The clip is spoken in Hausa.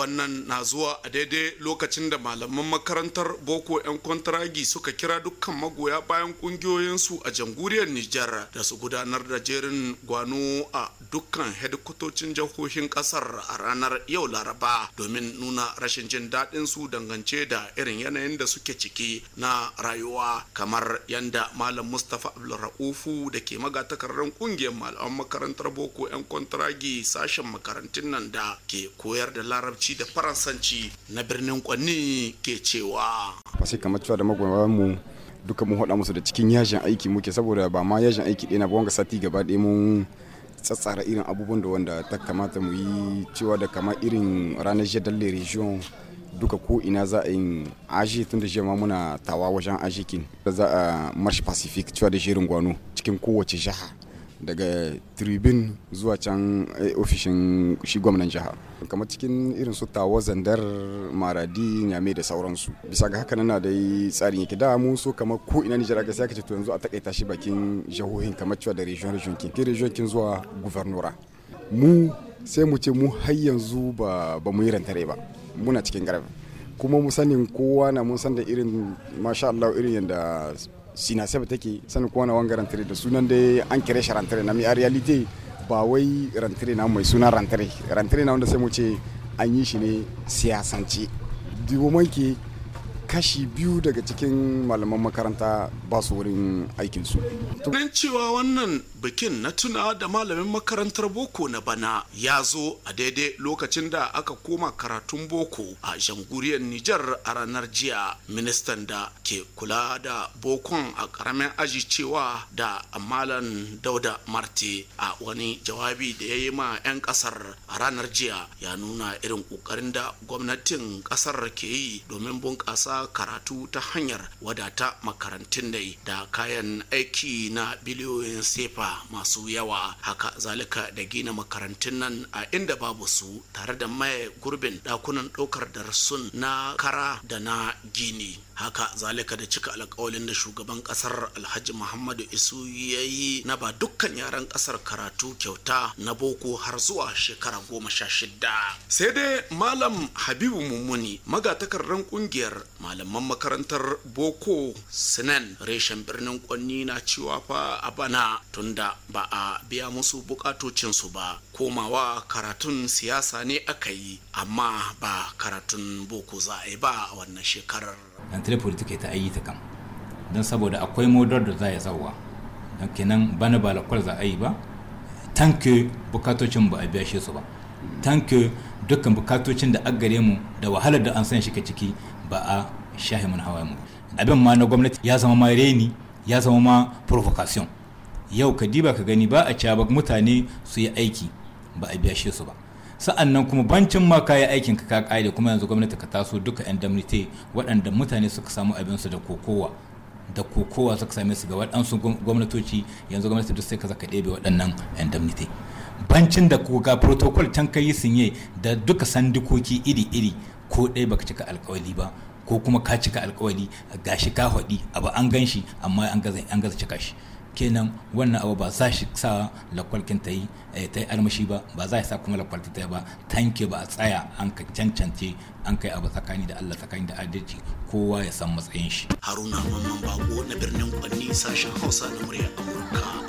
wannan na zuwa a daidai lokacin da malaman makarantar boko 'yan kwantaragi suka kira dukkan magoya bayan kungiyoyinsu a jamhuriyar nijar da su gudanar da jerin gwano a dukkan hedikotocin jihohin kasar a ranar yau laraba domin nuna rashin jin daɗin su dangance da irin yanayin da suke ciki na rayuwa kamar yanda malam mustapha abdulra'ufu da ke magatakarren kungiyar malaman makarantar boko 'yan kwantaragi sashen makarantun nan da ke koyar da larabci turanci da faransanci na birnin kwanni ke cewa wasu kamar cewa da mu duka mun haɗa musu da cikin yajin aiki muke saboda ba ma yajin aiki ɗaya na ba wanga sati gaba ɗaya mun tsatsara irin abubuwan da wanda ta kamata mu yi cewa da kama irin ranar jadalle region duka ko ina za a yi aji tun da jama muna tawa wajen ajikin da za a marsh pacific cewa da shirin gwano cikin kowace jiha daga tribin zuwa can eh, ofishin shi gwamnan jiha kamar cikin irin su tawo zandar maradi nyame da sauransu bisa ga haka na da tsarin yake da mu so kamar ko ina nijar ga sai ka ce to yanzu a takaita shi bakin jihohin kamar cewa da region region kin ki region kin zuwa guvernora mu sai mu ce mu har yanzu ba ba mu yi rantare ba muna cikin garba kuma mu sanin kowa na mun san da irin masha Allah irin yadda sina sinasebe take sanin kowane wanga rantare da sunan da an kire shi rantare na mi a realite ba wai rantare na mai suna rantare rantare na wanda sai mu ce an yi shi ne siyasance domin ke kashi biyu daga cikin malaman makaranta ba su wurin aikinsu. Nan cewa wannan bikin na tuna da malamin makarantar boko na bana ya zo a daidai lokacin da aka koma karatun boko a janguriyar Nijar a ranar jiya ministan da ke kula da bokon a karamin aji cewa da malam dauda marti a wani jawabi da ya yi ma 'yan kasar a ranar jiya ya nuna irin kokarin da gwamnatin kasar ke yi domin bunƙasa karatu ta hanyar wadata makarantun dai da kayan aiki na biliyoyin sefa masu yawa haka zalika da gina makarantun nan a inda babu su tare da maye gurbin dakunan ɗaukar darsun na kara da na gini haka zalika da cika alkawalin da shugaban kasar alhaji muhammadu isu ya yi na ba dukkan yaran kasar karatu kyauta na boko har zuwa shekara goma sha shida sai dai malam habibu mummuni magatakardar kungiyar malaman makarantar boko sinan reshen birnin kwanni na cewa fa a bana tunda ba a biya musu bukatocinsu ba komawa karatun siyasa ne aka yi amma ba karatun boko za a yi ba a wannan shekarar antare politika ta ayi ta kam don saboda akwai modar da za ya zauwa don kenan bana ba lakwal za a yi ba tanke bukatocin ba a biya shi su ba tanke dukkan bukatocin da aggare mu da wahalar da an san shi ka ciki ba a shahi mun hawa mu abin ma na gwamnati ya zama ma reni ya zama ma provocation yau ka diba ka gani ba a ca ba mutane su yi aiki ba a biya su ba sa'annan kuma bancin ma kayi aikin ka ka kuma yanzu gwamnati ka taso duka damnite waɗanda mutane suka samu abinsu da kokowa da kokowa suka same su ga waɗansu gwamnatoci yanzu gwamnati duk sai ka zaka ɗebe waɗannan damnite bancin da ga protocol can ka yi sinye da duka sandukoki iri-iri ko ɗaya baka cika alkawali ba ko kuma ka cika alkawari gashi ka haɗi abu an gan shi amma an gaza cika shi kenan wannan abu ba za shi sa lakwalkin ta yi eh, ta yi armashi ba ba za sa kuma lakwalkin ta yi ba tanke ba a tsaya an ka cancance an kai abu tsakani da Allah tsakani da adalci kowa ya san matsayin shi haruna mamman bako na birnin kwanni sashen hausa na murya amurka